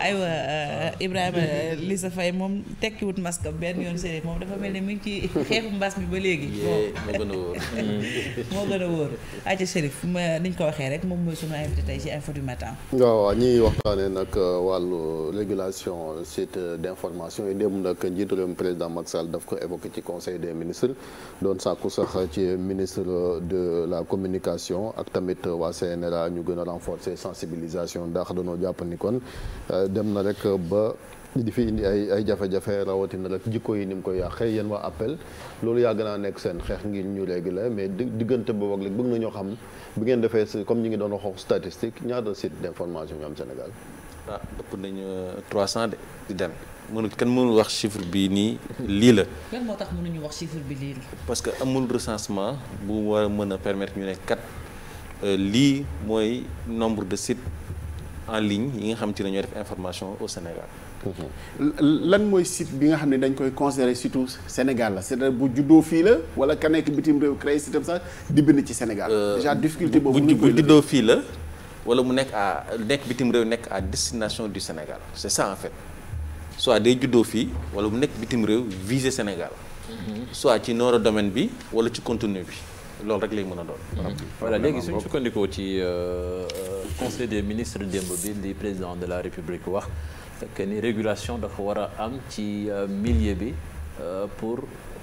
aywa eh, Ibrahima Lissa Faye moom tekkiwut masque benn yoon séeréer moom dafa mel ne mi ngi ci xeexu mbas mi ba léegi. moo gën a wóor moo gën a wóor. Aïcha Chérif ma niñ ko waxee rek moom mooy sunu invité tey ci info du matin. waaw waaw ñuy waxtaanee nag euh, wàllu régulation euh, site d'information yi démb nag njiitu réewum président Macky Sall daf ko évoqué ci conseil de ministres doon sàkku sax ci ministre de la communication ak tamit euh, waa CNRA ñu gën a renforcer sensibilisation ndax dañoo jàpp ni kon. Euh, dem na rek euh, ba di fi indi ay ay jafe-jafe rawatina rek jikko yi ni mu koy xëy yéen waa appel loolu yàgg naa nekk seen xeex ngir ñu la mais diggante boobu ak léegi bëgg nañoo xam bi ngeen defee comme ñu ngi doon wax statistique ñaata site d'information ñu am Sénégal. waaw ah, ëpp nañu 300 euh, de di dem mënu kenn mënul wax chiffre bi nii lii la. lan moo tax wax chiffre bi lii parce que amul recensement bu war a mën a permettre ñu ne kat lii mooy nombre de sites. en ligne yi nga xam ci ne def information au Sénégal. lan mooy site bi nga xam ne dañ koy considérer surtout Sénégal la cest bu juddoo fii la wala ka nekk bitim réew créé site sax di bind ci Sénégal. Euh, déjà difficulté boobu bu bu juddoo fii la. wala mu nekk à nekk bitim réew nekk à destination du Sénégal c'est ça en fait soit day juddoo fii wala mu nekk bitim réew viser Sénégal. Mhm. soit ci noora domaine bi wala ci continuer bi. loolu rek lay mën a doon. Mhm. voilà léegi suñu sukkandikoo ci euh, euh, conseil des ministres démb bi li président de la république wax que ni régulation dafa war a am ci euh, millier bi pour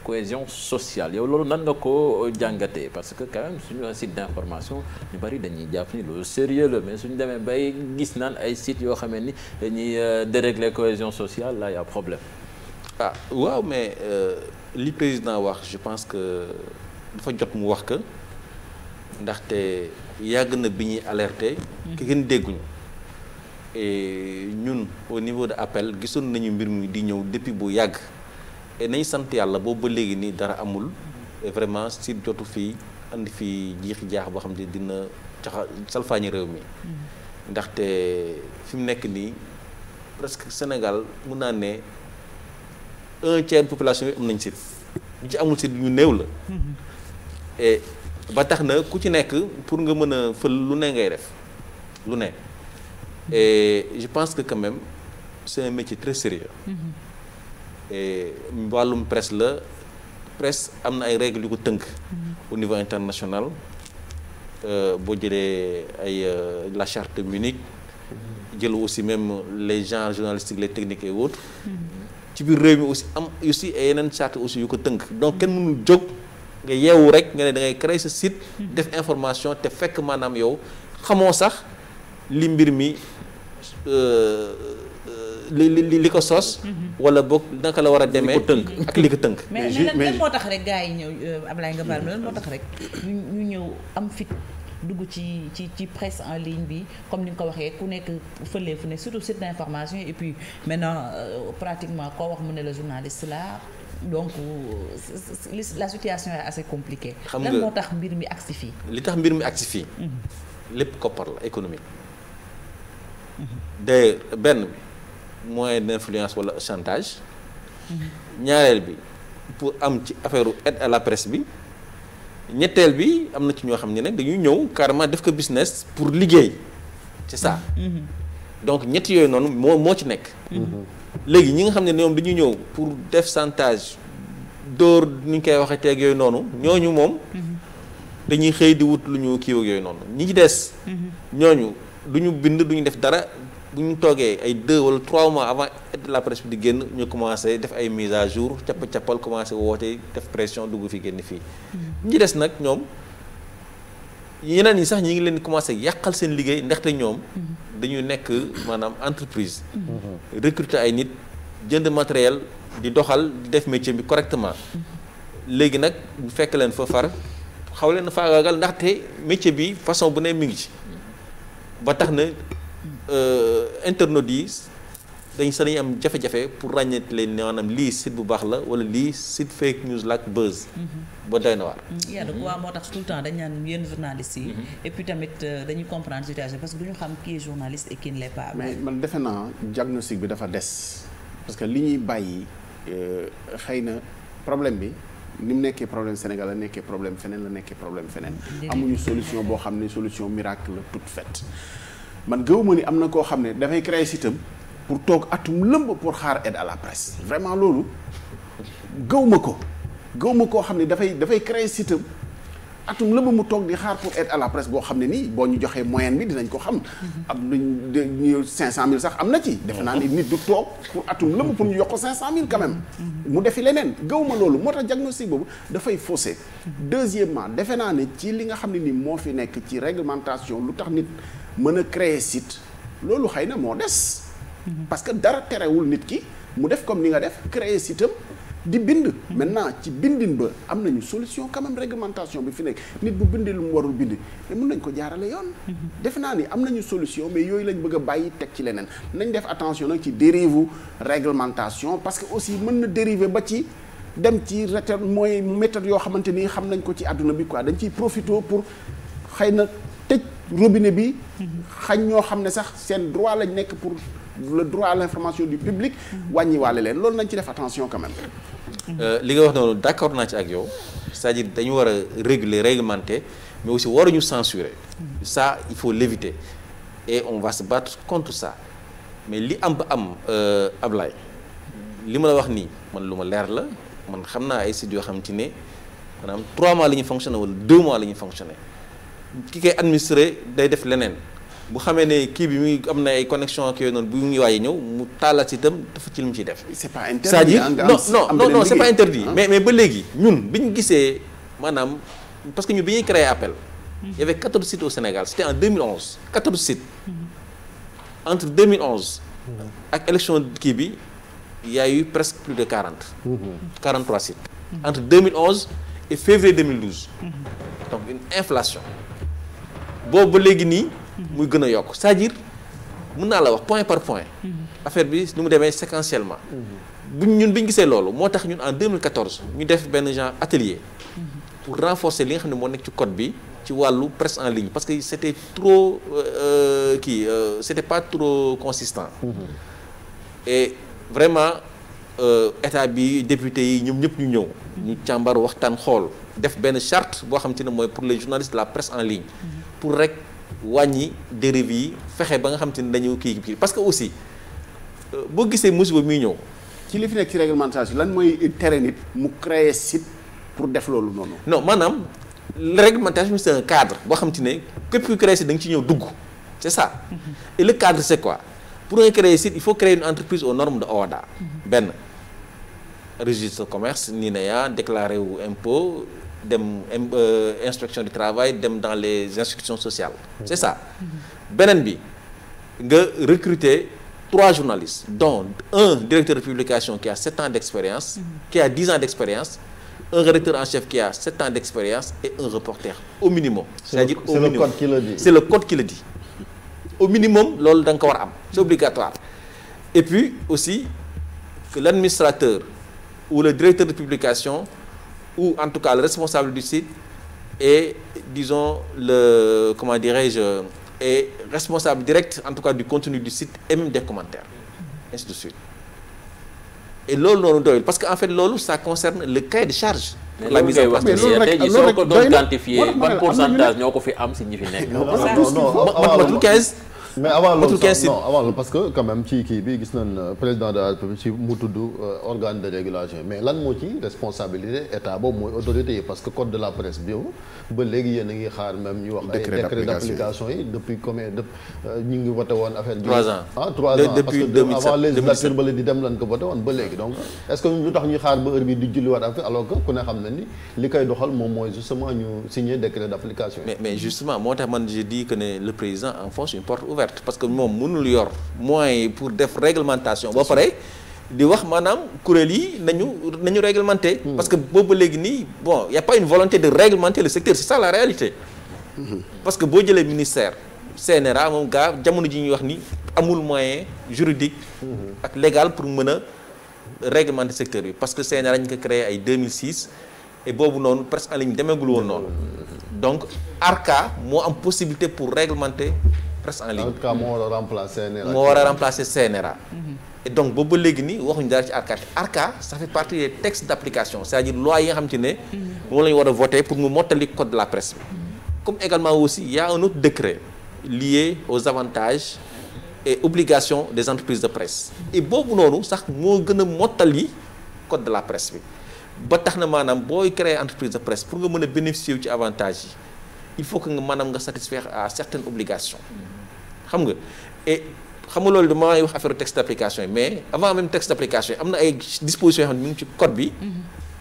cohésion sociale yow loolu nan nga ko jàngatee parce que quand suñu site d'information ñu bari dañuy jàpp ni loolu sérieux la mais suñu demee bay gis naan ay sites yoo xamee ni dañuy dérégler cohésion sociale là y a problème. ah waaw mais li président wax je pense que. dafa jot mu wax que ndaxte yàgg na bi ñuy alerter. ki gën dégguñu. et ñun au niveau de appel gisoon nañu mbir mi di ñëw depuis bu yàgg et nañ sant yàlla boobu ba léegi nii dara amul. et vraiment si jotu fii andi fii jiixi jaax boo xam ne dina caxa salfaañi réew mi. ndaxte fi mu nekk nii presque Sénégal mun naa ne un tiers population yi am nañ site. ñu ci amul site ñu néew la. ba tax na ku ci nekk pour nga mën a fël lu ne ngay def lu ne et je pense que quand même c'est un métier très sérieux mm-hmm. et wàllum presse la presse am na ay règles yu ko tënk mm-hmm. au international euh, boo jëlee ay euh, la charte de Munich mm-hmm. jël aussi même les genres journalistiques les et autres ci biir réew mi aussi am aussi yeneen charte aussi yu ko tënk donc kenn mënul jóg nga yeewu rek nga ne da ngay créer sa site def information te fekk maanaam yow xamoo sax li mbir mi euh, euh, li li li ko sos. wala boog naka la war a demee. ak li ko tënk. mais mais lan moo tax rek gars yi ñëw euh, Ablaye nga baal moo tax rek ñu ñëw am fit dugg ci ci ci presse en ligne bi comme ni nga ko waxee ku nekk fële fu ne surtout site d'information et puis maintenant pratiquement koo wax mu ne la journaliste la donc euh, la situation est assez compliquée. xam nga lan moo tax mbir mi aksi fii. li tax mbir mi aksi fii. Mhm. lépp koppar la économique. Mhm. d'ailleurs benn bi moyen d'influence wala chantage. ñaareel bi pour am ci affaire aide à la presse bi. ñetteel bi am na ci ñoo xam ne nag dañuy ñëw carrément def ko business pour liggéey c'est ça. Mhm. donc ñetti yooyu noonu moo moo ci nekk. léegi ñi nga xam ne ñoom dañuy ñëw pour def chantage dóor ni ñu koy waxee teeg yooyu noonu ñooñu moom mm-hmm. dañuy xëy di wut lu ñu kii yooyu noonu ñi ci des mm-hmm. ñooñu du ñu bind du ñu def dara bu ñu toogee ay deux wala trois mois avant de la presse bi di génn ñu commencé def ay mise à jour cappa-cappal commencé wootee def pression dugg fi génn fii mm-hmm. ñi des nag ñoom yeneen yi sax ñi ngi leen commencé yàqal seen liggéey ndaxte ñoom dañu nekk maanaam entreprise recruter ay nit jënd matériel di doxal di def métier bi correctement léegi nag bu fekk leen fa far xaw leen faagaagal ndaxte métier bi façon bu ne mi ngi ci ba tax na euh, internautes yi dañu sa dañuy pour ràññeeti leen ne maanaam lii site bu baax la wala lii site la ak buzz. Mhm. ba na waar. Mhm. yaa moo tax tout le temps dañ naan yéen journalistes yi. Mhm. tamit euh, dañuy comprendre situation parce que du ñu xam qui est journaliste et qui ne l'est pas. mais man defe naa diagnostic bi dafa des parce que li ñuy bàyyi euh, xëy na problème bi. ni mu nekkee problème Sénégal la nekkee problème feneen la nekkee problème feneen amuñu solution boo xam ne solution miracle tout fet man gëwuma ni am na koo xam ne dafay créer sitam pour toog atum lëmb pour xaar aide à la presse vraiment loolu gëw ma ko gëw ma koo xam ne dafay dafay créer système atum lëmb mu toog di xaar pour aide à la presse boo xam ne nii boo ñu joxee moyen bi dinañ ko xam am nañ cinq cent mille sax am na ci defe naa ni nit du toog pour atum lëmb pour ñu jox ko cinq cent mille quand même mu defi leneen gëw ma loolu moo tax diagnostic boobu dafay faussé deuxièmement defe naa ne ci li nga xam ne nii moo fi nekk ci réglementation lu tax nit mën a créer site loolu xëy na moo des parce que dara terewul nit ki mu def comme ni nga def créer sitam di bind maintenant ci bindin ba am nañu solution quand même réglementation bi fi nekk nit bu bindi lu mu warul bind mais mun nañ ko jaarale yoon def naa ni am nañu solution mais yooyu lañ bëgg a bàyyi teg ci leneen nañ def attention nag ci dérive réglementation parce que aussi mën na dériver ba ci dem ci reter mooy méthode yoo xamante nii xam nañ ko ci àdduna bi quoi dañ ciy profité pour xëy na tëj robinet bi mm-hmm. xañ ñoo xam ne sax seen droit lañ nekk pour le droit à l'information du public wàññi waale leen loolu nañ ci def attention quand même euh, li nga wax noonu d'accord naa ci ak yow c'est-à-dire dañu war a réguler réglementer mais aussi waruñu censurer ça il faut lévité et on va se battre contre ça mais li am ba am euh, Ablaye li ma la wax nii man lu ma leer la man xam naa ay sites yoo xam ci ne maanaam trois mois la ñuy fonctionner wala 2 mois la ñuy fonctionner ki koy administrer day def leneen bu xamee ne kii bi mu ngi am na ay connexion ak yooyu noonu bu ñu waaye ñëw mu tàllaat si itam dafa ci lu mu ciy def. c'est pas interdit non non non c'est pas interdit mais mais ba léegi ñun bi ñu gisee maanaam parce que ñun bi ñuy créé appel. il y avait 14 sites au Sénégal c'était en 2011 14 sites. Mm-hmm. entre 2011. ak élection kii bi il y a eu presque plus de 40. 43 mm-hmm. sites. Mm-hmm. entre 2011 et février 2012. donc une inflation boobu ba léegi nii. muy gën a yokk cest mun naa la wax point par point. affaire bi nu mu demee séquentiellement. bu ñun bi ñu gisee loolu moo tax ñun en 2014 ñu def benn genre atelier. pour renforcer li nga xam ne moo nekk ci code bi ci wàllu presse en ligne parce que c'était trop euh, kii euh, euh, c'était pas trop consistant. Mm -hmm. et vraiment euh, bi député yi ñoom ñëpp ñu ñëw. ñu càmbar waxtaan xool. def benn charte boo xam te ne mooy pour les journalistes la presse en ligne. pour rek. wàññi dérive yi fexe ba nga xam te ne dañu kii kii parce que aussi euh, boo gisee musiba muy ñëw. ci li fi nekk ci réglementation lan mooy tere nit mu créer site pour def loolu noonu. non maanaam réglementation c'est un cadre boo xam te ne képp ku créer site da nga ci ñëw dugg c'est ça. Mm-hmm. et le cadre c'est quoi pour nga créer site il faut créer une entreprise aux normes de OHADA. Mm-hmm. benn registre commerce nii na yaa e déclaré wu impôt. dem euh, inspection du travail dem dans les institutions sociales c'est ça beneen bi nga recruter trois journalistes dont un directeur de publication qui a sept ans d'expérience qui a dix ans d'expérience un rédacteur en chef qui a sept ans d'expérience et un reporter au minimum c'est-à-dire au minimum c'est le code qui le dit au minimum loolu da nga ko war am c'est et puis aussi que l'administrateur ou le directeur de publication ou en tout cas le responsable du site et disons le comment dirais-je est responsable direct en tout cas du contenu du site et même des commentaires ainsi de suite et loolu noonu doyul parce que en fait loolu ça concerne le cahier de charge. la mise en place mais loolu nag tey soo ko doon quantifier ban ko fi am si ñi fi nekk. non mais avant loolu non avant parce que quand même ci kii bi gis nañ euh, président de la République ci mu tudd euh, organe de régulation mais lan moo ci responsabilité état boobu mooy autorité yi parce que code de la presse bi ba léegi yéen ngi xaar même ñu wax. décret d' yi depuis combien de euh, ñu ngi voté woon affaire. 3 ans ah 3 ans parce que avant législature ba di dem lan ko voté woon ba léegi donc est ce que lu tax ñuy xaar ba heure bi di julliwaat d' application perte parce que moom mënul yor moyens yi pour def réglementation boo pare di wax maanaam kuréel yi nañu nañu réglementer. Hmm. parce que boobu ba léegi nii bon y pas une volonté de réglementer le secteur c'est ça la réalité. Hmm. parce que boo jëlee ministère CNRA moom gaa jamono ji ñuy wax ni amul moyen juridique. Hmm. ak légal pour mën a réglementer secteur bi parce que CNRA ñu ko créé ay 2006. et boobu noonu presque en ligne demeegul woon noonu donc ARCA moo am possibilité pour réglementer presse en ligne. en moo war a remplacer CNRA. moo war et donc boobu ba léegi nii waxuñu daal ci ARCA ARCA ça fait partie des textes d' application c' est à dire loi yi nga xam te ne. moo la war a voter pour mu mottali code de la presse. comme également aussi y' a un autre décret lié aux avantages et obligation des entreprises de presse. et boobu noonu sax moo gën a mottali code de la presse bi ba tax na maanaam booy créer entreprise de presse pour nga mën a bénéficier wu ci avantages yi. il faut que nga maanaam nga satisfaire à certaines obligations xam nga et xam nga loolu damay wax affaire texte d'application yi mais avant même texte d'application yi am na ay dispositions yoo xam ne mu ngi ci code bi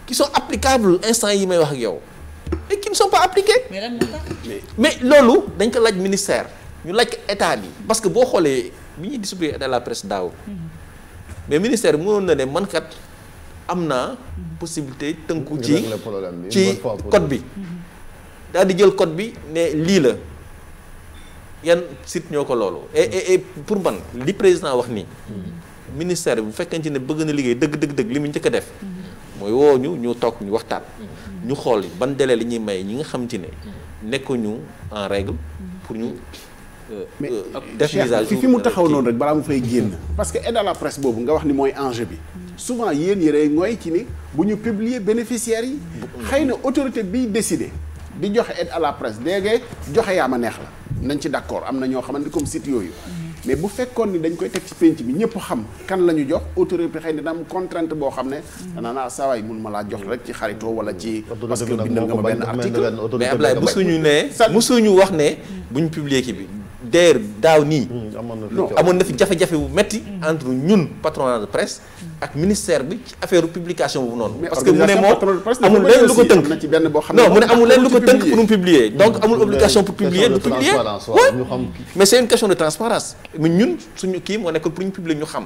qui sont applicables instant yi may wax ak yow et qui ne pas appliquées mais loolu dañ ko laaj ministère ñu laaj ko état bi parce que boo xoolee bi ñuy distribuer de la presse daaw mais ministère mënoon na ne man am na possibilité tënku ci ci code bi daal di jël code bi ne lii la yan sit ñoo ko loolu pour man li président wax nii ministère bu fekkente ne bëgg na liggéey dëgg dëgg dëgg li mu njëkk a def mooy woo ñu ñu toog ñu waxtaan ñu xool ban délai li ñuy may ñi nga xam ci ne nekkuñu en règle pour ñu euh, mais euh, Cheikh fi fi mu euh, taxaw noonu rek balaa mu fay génn parce que aide à la presse boobu nga wax ni mooy enjeu bi souvent yéen yére ngooy ci ni bu ñu publier bénéficiaires yi xëy na autorité bi décider di joxe aide à la presse léegi joxe yaa ma neex la nañ ci d'accord am na ñoo xamante comme site yooyu. mais bu fekkoon ni dañ koy teg ci penc bi ñëpp xam kan la ñu jox autorité xëy na dina mu contrainte boo xam ne. naa naa saa waay ma laa jox rek ci xaritoo wala ci. parce que bindal nga ma benn article mais Ablaye musuñu ne. musuñu wax ne buñ publier ki bi. d'ailleurs daaw nii. Mm, amoon na fi mm. jafe-jafe bu metti mm. entre ñun patronat de presse. ak ministère bi ci affaire publication boobu noonu. parce que mu ne moom amul leen lu ko tënk. non mu ne amul leen lu ko tënk pour mu publier. donc amul obligation pour publier du publier. mais c'est une question de transparence mais ñun suñu kii moo nekkoon pour ñu publier ñu xam.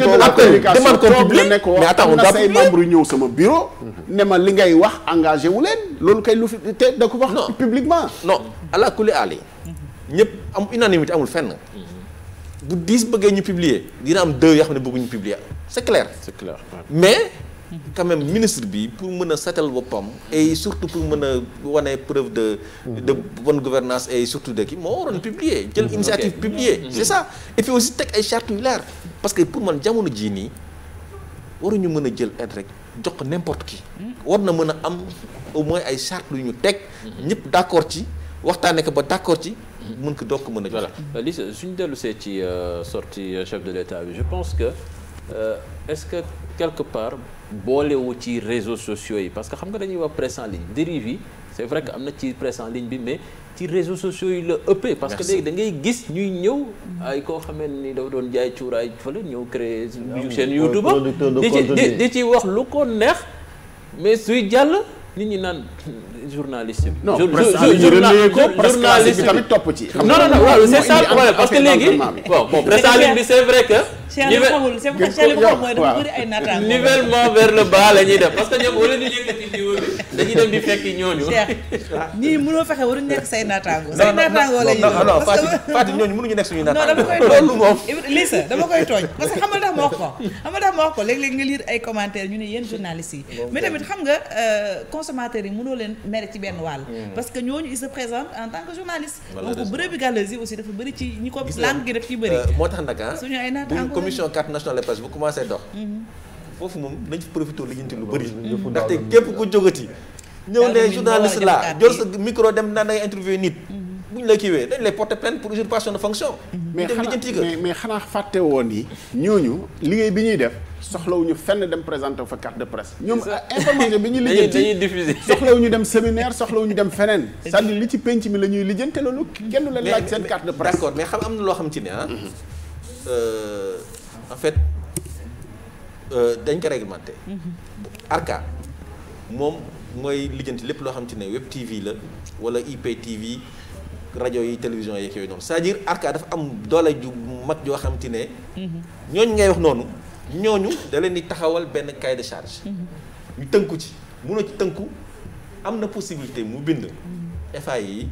après demande ko public mais attends on doit say membre ñëw sama bureau mhm. ne ma li ngay wax engagé wu leen loolu kay lu fi te da ko wax publiquement non ala kulli aali ñëpp am unanimité amul fen mhm. bu dix bëggee ñu publier dina am deux yoo xam ne bëgguñu publier c'est clair c'est clair mais quand même ministre bi pour mën a setal boppam. et surtout pour mën a wane preuve de. de bonne gouvernance et surtout de kii moo waroon publier. jël mm-hmm. initiative publier. Mm-hmm. c'est ça et puis aussi teg ay chartes yu leer parce que pour man jamono jii nii ñu mën a jël aide rek jox ko n'importe ki mm-hmm. war na mën a am au moins ay chartes yu ñu teg. ñëpp d'accord ci waxtaanee ko ba d'accord ci. mën ko doog ko mën a jox. voilà euh, li suñu dellu see ci euh, sorti euh, chef de l'État bi je pense que e est-ce que quelque part. boolewu ci réseaux sociaux yi parce que xam nga dañuy wax presse en ligne dérive yi c'est vrai que am na ci presse en ligne bi mais ci réseaux sociaux yi la ëppee parce que léegi da ngay gis ñuy ñëw ay koo xamee ni dafa doon jaay cuuraay fële ñëw créer yu YouTube di ci di ci wax lu ko neex mais suy jàll nit ñi naan journaliste bi. non journaliste bi tamit topp yi mais tamit xam nga euh, consommateurs yi mënoo leen mere ci benn wàll mm. parce que ñooñu ils se présentent en tant que journaliste donc bërëb bi gàllas aussi dafa bëri ci ñi ko langue gi daf ci bëri euh, moo tax nag ah suñu ay naataango bu commission carte nationale de presse bu commencé dox mm-hmm. foofu moom dañ fi profité lijjanti lu bëri mm-hmm. ndaxte képp ku jógati ñëw ne journaliste la jor sa micro dem naa ngay interview nit mm-hmm. bu ñu la kiiwee dañ lay porter plainte pour usurpation de fonction. Mm-hmm. mais xanaa mais mais xanaa fàtte woon yi ñooñu liggéey bi ñuy def soxlawuñu fenn dem présenter fa carte de presse. ñoom information bi ñuy lijjanti dañuy diffuser dem séminaire soxlawuñu dem feneen. cest li ci penc mi la ñuy lijjante loolu kenn du leen laaj seen carte de presse. d'accord mais xam am na loo xam ci ne ah. Mm-hmm. Euh, en euh, dañ ko réglementé. Mm-hmm. ARCA moom mooy lijjanti lépp loo xam ci ne web TV la wala IPTV. rajo yi télévision yi yooyu noonu c'est-à-dire arca dafa am doole ju mag joo xam te ne. ñooñu ngay wax noonu ñooñu da leen di taxawal benn cahier de charge. ñu tënku ci mënoo ci tënku am na possibilité mu bind. FAI yi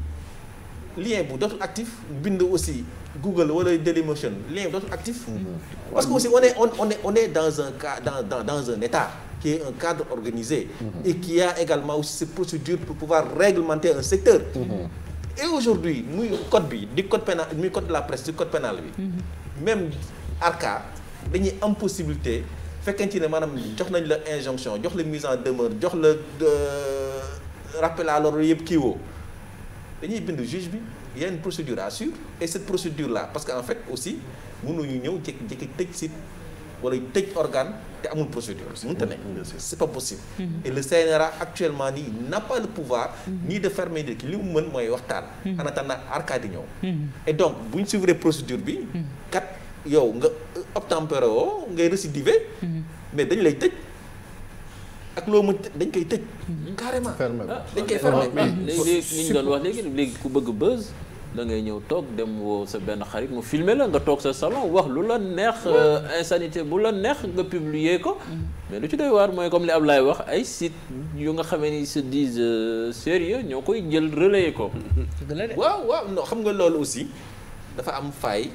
lien bu dootul actif bind aussi Google wala Dailymotion lien bu dootul actif. Mm-hmm. parce que aussi on est on dans un cas dans dans dans un état. qui un cadre organisé. Mm-hmm. et également aussi ses procédures pour pouvoir réglementer un secteur. Mm-hmm. et aujourd'hui muy code bi di code pénal muy code la presse di code pénal bi mhm. même arca dañuy am possibilité fekkente ni maanaam jox nañ la injonction jox la mise en demeure jox la euh, rappel à l'ordre yëpp kii woo dañuy bind juge bi y a procédure à et cette procédure là parce que en fait aussi ñu ñëw jékki-jékki tëj si wala tëj organ te amul procédure mënta ne c'est pas possible mm-hmm. et le CNRA actuellement nii n'a pas le pouvoir mm-hmm. ni de ki li mu mën mooy waxtaan mm-hmm. en attendant arcade di ñëw et donc bu ñu suivre procédure bi kat yow nga euh, obtempéré woo ngay récidiver mais dañu lay tëj ak loo mën dañ koy tëj carrément dañ koy fermer mais léegi li ñu doon wax léegi ku bëgg buzz da ngay ñëw toog dem woo sa benn xarit mu filmer la nga toog sa salon wax lu la neex euh, insanité bu la neex nga publier ko mm. mais lu ci doy waar mooy comme li Ablaye wax ay site yu nga xamee ni se disent euh, sérieux ñoo koy jël relayer ko waaw waaw non xam nga loolu aussi dafa am faille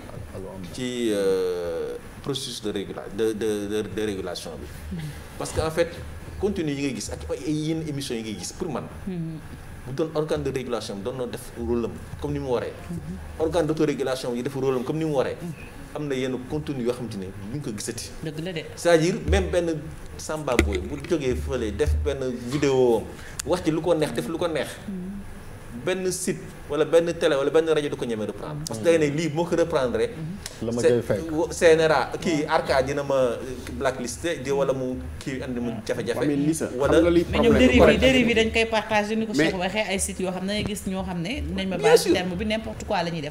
ci euh, processus de régula de de de régulation bi mm. parce que en fait contenu yi ngay gis ak yenn émission yi ngay gis pour man mm. bu doon organe de régulation doon na def rôle am comme ni mu waree. Mhm. organe d' autorégulation yi def rôle am comme ni mu waree. Mhm. am na yenn contenu yoo xamante ne bu ñu ko gisati. dëgg la de. c'est-à-dire benn Samba Boye bu jógee fële def benn vidéo am wax ci lu ko neex def lu ko neex. Mhm. benn site wala benn télé wala benn rajo du ko ñemee reprendre. parce que day ne lii moo ko reprendre. la ma koy fekk CNRA kii ARCA dina ma blacklisté di wala mu kii andi mu jafe-jafe. ma baal terme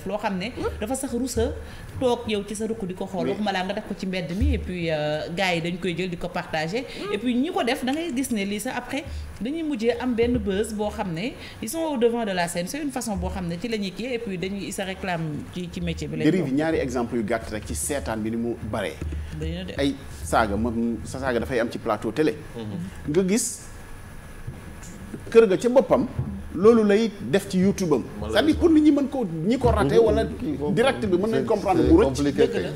loo xam ne. dafa sax rusa toog yow ci sa rukk di ko xool waxuma laa nga def ko ci mbedd mi et puis euh, yi dañ koy jël di ko partagé. et ñi ko def da gis ne lii sax après dañuy mujjee am benn buzz boo xam ne ils sont au devant de la scène c'est une façon boo xam ne ci la ñuy kii et dañuy sa réclame ci ci métier bi. dérive yi ñaari exemple yu gàtt rek ci seetaan bi ni mu baree. ay saaga moom sa saaga dafay am ci plateau télé. Mm-hmm. nga gis kër ga ca boppam. loolu lay def ci youtube am c'est-à-dire pour nit ñi mën ko ñi ko raté wala direct bi mën nañ comprendre mu rëcc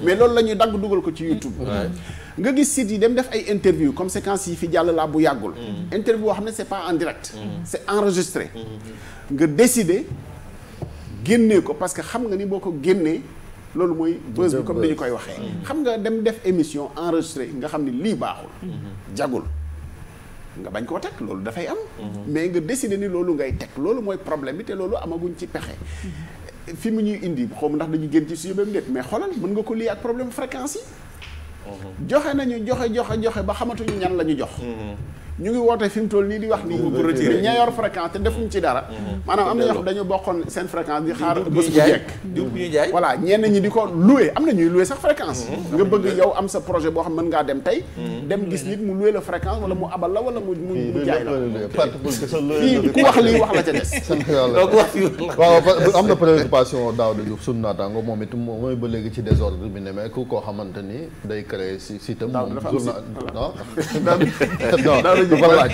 mais loolu la ñuy dagg dugal ko ci youtube nga gis site yi dem def ay interview comme séquence yi fi jàll laa bu yàggul mm-hmm. interview boo xam ne c'est pas en direct mm-hmm. c'est enregistré mm-hmm. nga décider génnee ko parce que xam nga ni boo ko génnee loolu mooy buzz bi comme ni koy waxee xam nga dem def émission enregistré nga xam ni lii baaxul jagul nga bañ koo teg loolu dafay am. Mhm. mais nga décider ni loolu ngay teg loolu mooy problème bi te loolu amaguñ ci pexe. Mhm. fi mu ñuy indi xaw ndax dañu génn ci suñu même net mais xoolal mën nga ko lii ak problème fréquence yi. Mhm. joxe nañu joxe joxe joxe ba xamatuñu ñan la ñu jox. ñu ngi woote fi mu toll nii di wax nii ñi ña yor fréquence te defuñ ci dara mhm. maanaam am na ñoo xam dañu bokkoon seen fréquence di xaar bés bu jekk ñu jaay voilà ñi di ko loué am na ñuy loué sax fréquence mhm. nga bëgg yow am sa projet boo xam mën ngaa dem tey mhm. dem gis nit mu loué la fréquence wala mu abal la wala mu mu jaay la fii ku wax lii wax la ca des waaw am na préoccupation daaw de Diouf suñu naataango moom it mooy ba léegi ci désordre bi ne mais ku koo xamante ni day créer si sitam moom du ko laaj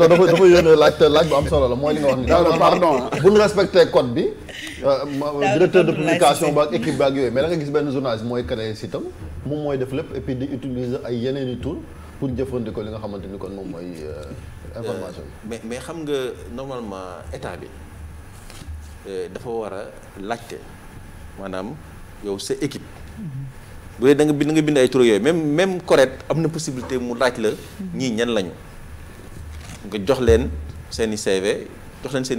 dafa dafa yónnee laaj te laaj bu am solo la mooy li nga wax ni pardon bu ñu respecté code bi euh, directeur de publication ba ak équipe ba ak yooyu mais da nga gis benn journaliste mooy créé si am moom mooy def lépp et puis di utiliser ay yeneen tour pour jëfandikoo li nga xamante ni kon moom mooy euh, information bi euh, mais mais xam nga normalement état bi dafa war a laajte maanaam yow sa équipe mm-hmm. bu dee da bi bind da nga bind ay tur yooyu même même correct am na possibilité mu laaj la ñii ñan lañu nga jox leen seen i CV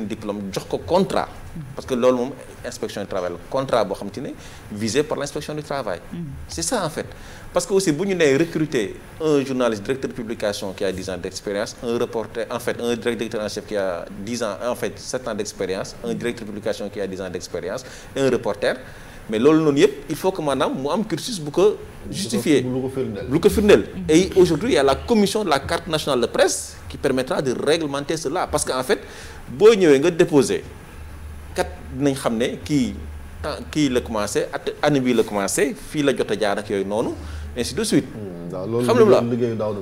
diplôme jox ko contrat. parce que loolu moom inspection du travail la contrat boo xam te ne visé par l' du travail. Mm. c' ça en fait parce que aussi bu ñu nee recruter un journaliste directeur de publication qui a dix ans d' un reporter en fait un directeur en chef qui a dix ans en fait sept ans d' un directeur de publication qui a dix ans d' et un reporter. mais loolu noonu yëpp il faut que maanaam mu am cursus bu ko justifier bu ko lu firndeel et aujourd'hui il y a la commission de la carte nationale de presse qui permettra de réglementer cela parce que en fait boo ñëwee nga déposer kat dinañ xam ne kii kii la commencé at année bii la commencé fii la jot a jaar ak yooyu noonu ainsi de suite. Hmm, xam nga lu la liggéey daaw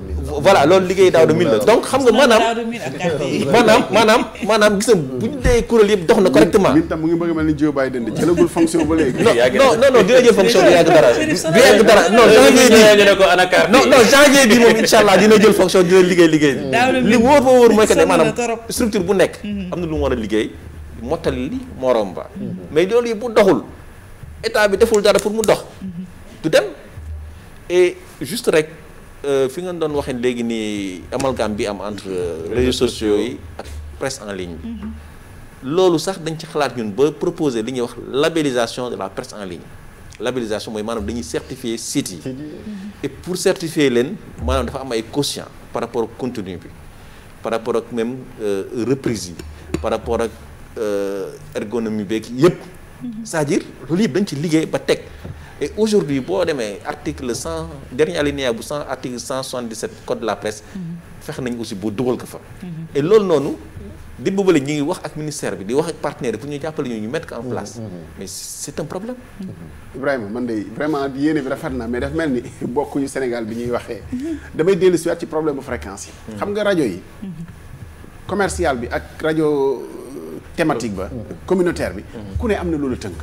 de mille la donc xam nga hmm. maanaam maanaam maanaam maanaam bu ñu dee kuréel yëpp dox na correctement. nit tam mu ngi bëgg mel ni Joe Biden de jëlagul fonction ba léegi. non non non dina jël fonction dina liggéey liggéey li wóor ba wóor mooy que ne maanaam structure bu nekk. Mhm. am na lu mu war a liggéey mottali li morom ba. mais loolu yi bu doxul état bi deful dara pour mu dox mhm. du dem et juste rek euh, fi nga doon waxee léegi nii amalgame bi am entre euh, réseaux sociaux yi ak presse en ligne mm-hmm. loolu sax dañ ci xalaat ñun ba proposer li ñuy wax labellisation de la presse en ligne labellisation mooy maanaam dañuy certifier sites yi mm-hmm. pour certifier leen maanaam dafa am ay quotient par rapport ak contenu bi par rapport ak même euh, reprise yi par rapport ak ergonomie beeg yëpp mm-hmm. c'est-à-dire loolu yëpp dañ ci liggéey ba teg et aujourd'hui boo demee article cent dernier alinéa bu cent article cent soixante dix sept code de la presse. Mhm. fex nañ aussi bu dugal ko fa. Mhm. et loolu noonu. di boobale ñu ngi wax ak ministère bi di wax ak partenaire pour ñu jàppale ñu ñu mettre ko en place. Mhm. mais c'est un problème. Ibrahima man de vraiment yéene bi rafet na mais daf mel ni bokkuñu Sénégal bi ñuy waxee. damay dellu si waat ci problème bu fréquence yi. xam nga rajo yi. commercial bi ak rajo. thématique ba mm-hmm. Mm-hmm. communautaire bi mm-hmm. ku ne am na loolu tënk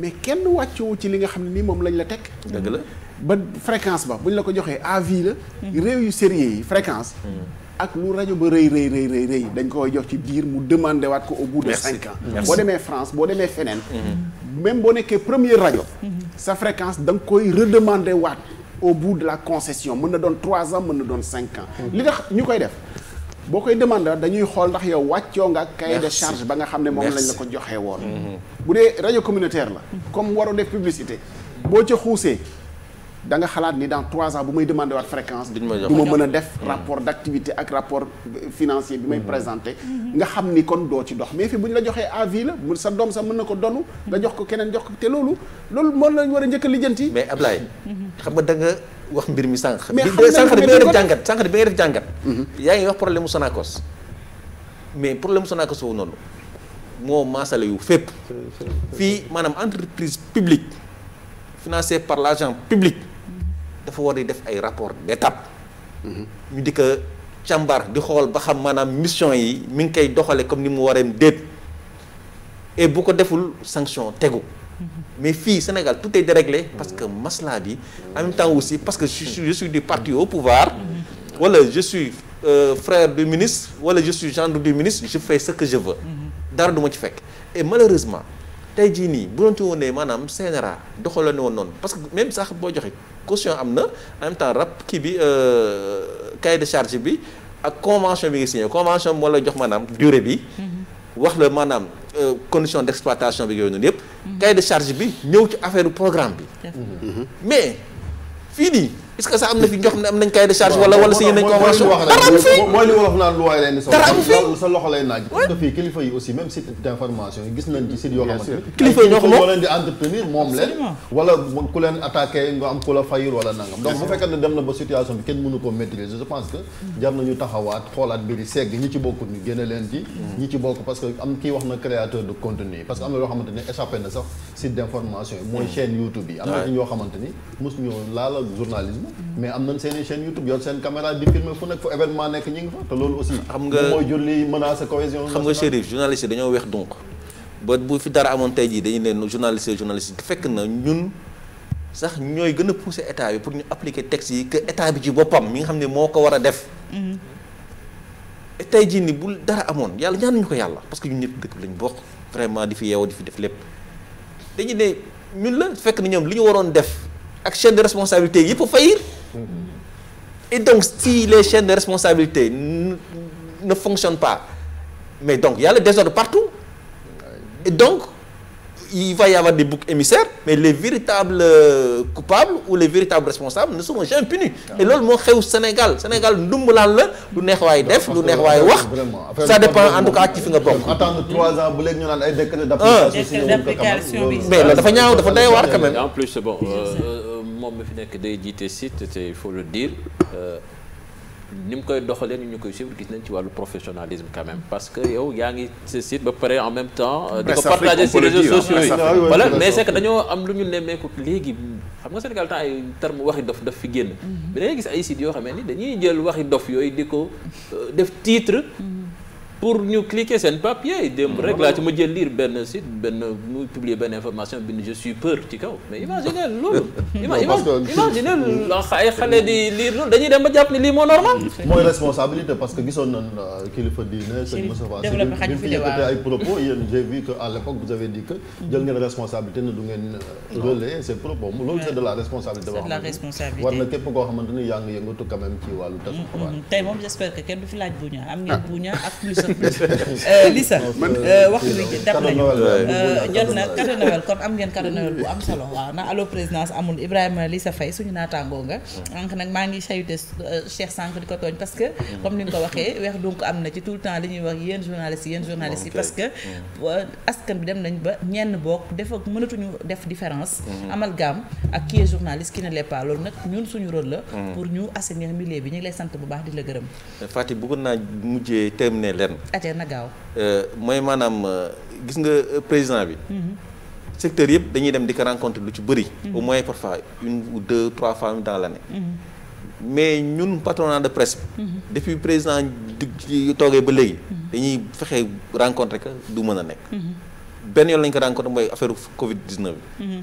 mais kenn wàccewu ci li nga xam ne nii moom lañ la teg dëgg la ba fréquence ba bu ñu la ko joxee à vie la réew yu sérieux yi fréquence ak lu rajo ba rëy rëy rëy rëy rëy dañ koy jox ci diir mu demande waat ko au bout de cinq ans boo demee France boo demee feneen même boo nekkee premier rajo sa fréquence da nga koy redemandé waat au bout de la concession mën na doon trois ans mën na doon cinq ans li tax ñu koy def boo koy demandé dañuy xool ndax yow wàccoo nga cahier de charge ba nga xam ne moom lañ la ko joxee woon mhm. bu dee rajo communautaire la comme waroo def publicité boo ca xuusee da nga xalaat ni dans trois ans bu may demandé waat fréquence du ma mën a def mhm. rapport d'activité ak rapport financier bi may mhm. présenté nga xam ni kon doo ci dox mais fi bu ñu la joxee avis la mu sa doom sax mën na ko donu nga jox ko keneen jox ko te loolu loolu moom lañ war a njëkk a lijjanti mais Ablaye wax mbir mi sànq. mais xam bi nga def jàngat sànq bi nga def jàngat. Mhm. yaa ngi wax problème mu Sonacos mais problème mu Sonacos boobu noonu moo maasale yu fépp. fii maanaam entreprise publique financée par l' agent public dafa war di def ay rapport d' étape. Mhm. ñu di ko càmbar di xool ba xam maanaam mission yi mi ngi koy doxale comme ni mu waree déet et bu ko deful sanction tegu. mais fii Sénégal tout est déréglé parce que masla bi en même temps aussi parce que je suis je suis du parti au pouvoir wala je suis euh, frère du ministre wala je suis gendre du ministre je fais ce que je veux dara duma ci fekk et malheureusement tey jii nii bu doon ci woon ne maanaam CNRA doxaloon woon noonu parce que même sax boo joxe caution am na en même temps rap kii bi euh, cahier de charge bi ak convention bi nga signé convention moo la jox maanaam durée bi mhm. Euh, condition d'exploitation bi yooyu noonu yëpp. Mhm. cahier de charge bi ñëw ci affaire programme bi. mais fii sax am na fi ñoo mooy li wolof naan lu waay lay ni dara am loxo parce que fii kilifa yi aussi même site kilifa yi ñoo xam leen di entretenir moom leen wala ku leen attaqué nga am ku la fayul wala nangam donc bu fekkee ne dem na ba situation bi kenn mënu ko maîtriser je pense que bokk ñu génne leen wax na créateur de contenu parce que am na yoo xamante ni échappé na sax site d'information mooy chaîne YouTube yi am na ñoo xamante ni mosuñoo laala journalisme mais am nañ seen i chaîne YouTube yor seen caméra di filmer fu nekk fu événement nekk ñi ngi fa te loolu aussi. xam nga mooy jur xam nga Chérif journaliste dañoo weex donc ba bu fi dara amoon tey jii dañu ne journaliste journaliste fekk na ñun. sax ñooy gën a pousser état bi pour ñu appliquer texte yi que état bi ci boppam mi nga xam ne moo ko war a def. tey jii ni bu dara amoon yàlla ñaanuñu ko yàlla parce que ñu ñëpp dëkk bi lañ bokk vraiment di fi yeewoo di fi def lépp. dañu ne la fekk na ñoom li def ak chaîne de responsabilité yëpp a faillir et donc si les chaînes de responsabilité ne fonctionnent pas mais donc y a le désordre partout et donc il va y avoir des boucs émissaires mais les véritables euh, coupables ou les véritables responsables ne seront jamais punis et loolu moo xew Sénégal Sénégal ndumbalaan la lu neex waaye def lu neex waaye wax ça dépend en tout cas ci fi nga bokk. attendre trois ah. mais loolu dafa ñaaw dafa doy waar quand même. en plus bon euh, euh, moom mi fi nekk day jiite site te il faut le dire. ñu mu koy doxalee ni ñu koy suivre gis nañ ci wàllu professionnalisme quand même parce que yaa ngi sa site ba pare en même temps. Euh, di ko partager ci réseaux sociaux yi voilà mais c'est dañoo am lu ñu nemmeeku léegi xam nga Sénégal temps ay terme waxi dof daf fi génn. Mhm. mais ngay gis ay sites yoo xam ne ni dañuy jël waxi dof yooyu di ko euh, def tiitre mhm. pour ñu cliquer seen papier démb rek ci ma jël lire benn site benn mu publier benn information bi je suis peur ci kaw mais imaginez loolu. imaginez ay xale di lire loolu dañuy dem ba jàpp ni lii moo normal. mooy responsabilité parce que gisoon nañ euh, kilifa diine sëñ Moustapha Sy bi fi yëkkati ay propos yéen j'ai vu que à l'époque vous avez dit que mm-hmm. euh, la yaa ngi yëngatu quand ci wàllu tasu mm-hmm. xabaar moom j'espère kenn du fi laaj buña am ngeen ah. buña ak plus Euh, Lisa euh, waxtu bi dab nañu euh, jot na cadeau Noël kon am ngeen cadeau Noël bu am solo waaw na allo présidence amul Ibrahima Lissa Faye suñu naataangoo nga donc nag maa ngi sayute Cheikh Sànq di ko tooñ parce que comme ni nga ko waxee weex donc am na ci tout le temps li ñuy wax yéen journalistes yi yéen journalistes yi parce que askan bi dem nañ ba ñenn bokk def mënatuñu def différence mhm. amal gaam ak qui est journaliste qui ne l'est pas loolu nag ñun suñu rôle la mhm. pour ñu assainir milieu bi ñu ngi lay sant bu baax di la gërëm aja na gaaw euh, mooy maanaam euh, gis nga euh, président bi mm-hmm. secteur yëpp dañuy dem di ko rencontre lu ci bëri mm-hmm. au moins parfois une ou deux trois fois dans l'année mm-hmm. mais ñun patronat de presse bi depuis président di toogee ba léegi dañuy fexe rencontre que du mën a nekk benn yoon lañ ko rencontre mooy affaire covid 19 bi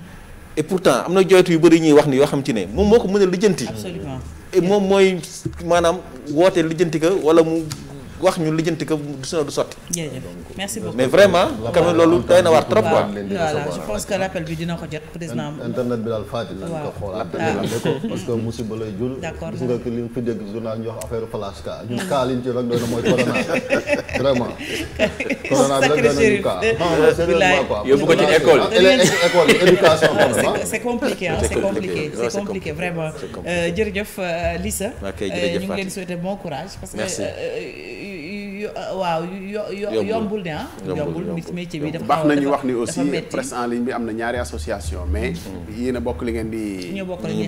et pourtant am na joytu yu bëri ñuy wax ni yoo xam ci ne moom moo ko mën a lijjanti absolument et moom mooy maanaam woote lijjanti ko wala mu wax ñu lijjanti ko du sino du sotti merci beaucoup mais vraiment quand même loolu doy na waar trop quoi je pense que rappel bi dina ko jot président internet bi daal faati nañ ko ah. ko fi dégg journal ñu wax affaire flash ka ñun ka liñ ci rek doy na mooy corona vraiment corona bi c'est compliqué c'est compliqué c'est compliqué vraiment euh, jërëjëf euh, Lissa euh, ñu ngi leen bon courage parce que waaw yo yombul ne ah. yombul yombul métier bi dafa baax na ñu wax ni aussi presse en ligne bi am na ñaari association mais. Mm-hmm. yéen a bokk li ngeen di. ñu bokk li ñuy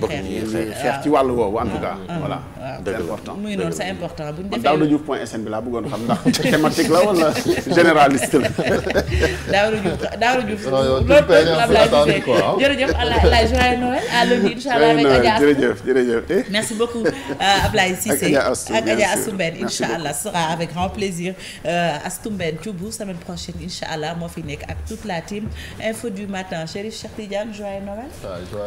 xeex ci wàllu woowu en tout cas. Ah, ah, voilà ah, c'est important muy noonu c'est important bu ñu defee daaw dañu point sn bi laa bëggoon xam ndax thématique la wala généraliste la. Daawara Diouf Daawara Diouf. jërëjëf Ablaye joyeux Noël à lundi inchallah avec Adja jërëjëf jërëjëf merci beaucoup euh, Ablaye Cissé ak Adja Assoumben inchallah sera avec grand plaisir plaisir euh, Astou Mbène Thioubou semaine prochaine incha allah moo fi nekk ak toute la team info du matin Chérif Cheikh Tidiane joyeux Noël. waaw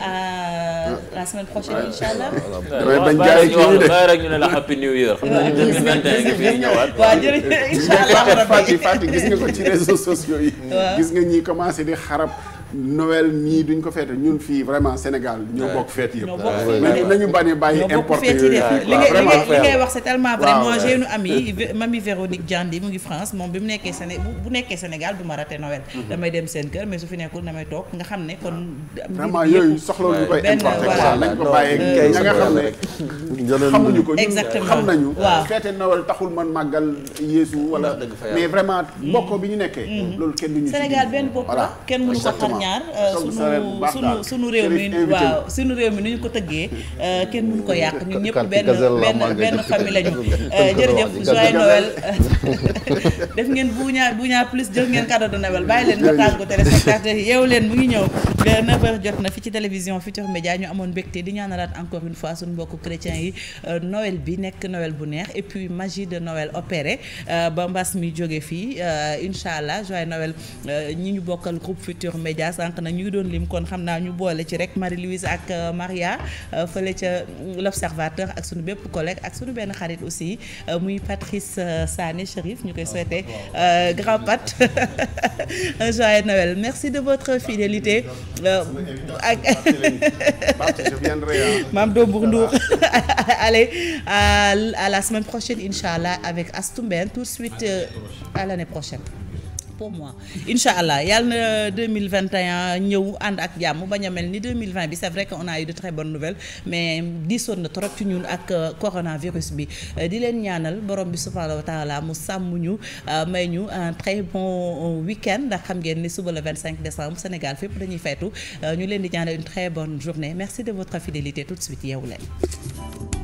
ah, a Noël. à la semaine prochaine incha allah. damay bañ jaay kii ñu de waaw rek ñu ne la nga fi ñëwaat. waaw jërëjëf incha nga ko ci réseaux sociaux yi. gis nga ñi commencé di xarab. Noël ñii duñ ko feete ñun fi vraiment Sénégal ñoo bokk feet yëpp. mais nañu bañ a bàyyi importé yooyu li ngay wax c'est tellement vrai moi moom bi mu nekkee Séné bu nekkee Sénégal du ma raté Noël. Mhm. damay dem seen kër su fi nekkul damay toog nga xam ne kon. vraiment yooyu soxla ñu koy importé quoi nañ ko bàyyee ña euh, nga xam ne. xamuñu ko ñun xam nañu. waaw feete Noël taxul man màggal Yeesu wala mais bi ñu nekkee. Mhm. loolu kenn duñu Sénégal benn bopp la kenn mënu ko ñaar euh, sunu sunu sunu réew mi waaw sunu réew mi ni ñu ko tëggee euh, kenn mun ko yàq ñun ñëpp benn benn benn famille lañu euh, jërëjëf joyeux Noël def ngeen buuñaa buuñaa plus jël ngeen cadeau de Noël bàyyi leen message ko téléspectateurs yi yeewu leen mu ngi ñëw neuf heures jot na fi ci télévision Futurs Médias ñu amoon mbégte di ñaanalaat encore une fois suñu mbokku chrétiens yi Noël bi nekk Noël bu neex et puis magie de Noël opéré ba mbas mi jóge fii incha allah joyeux Noël ñi Adja sànq na ñuy doon lim kon xam naa ñu boole ci rek Marie Louise ak euh, Maria euh, fële ca euh, l'observateur ak sunu bépp collègue ak sunu benn xarit aussi muy Patrice Sané Chérif ñu koy ah, souhaité grand pat joyeux Noël merci de votre fidélité ah, ak Mame Dombour allez à la semaine prochaine inchallah avec Astou Mbène tout de suite à l'année prochaine pour moi incha allah yal na 2021 ñëw ànd ak jàmm bañ a ni 2020 bi c'est vrai que on a eu de très bonnes nouvelles mais diisoon na trop ci ñun ak euh, coronavirus bi euh, di leen ñaanal borom bi subhaanahu wa taala mu sàmm ñu euh, may ñu un très bon week-end ndax xam ngeen ni suba le 25 décembre Sénégal fépp dañuy feetu ñu leen di ñaanal une très bonne journée merci de votre fidélité tout de suite yeewu leen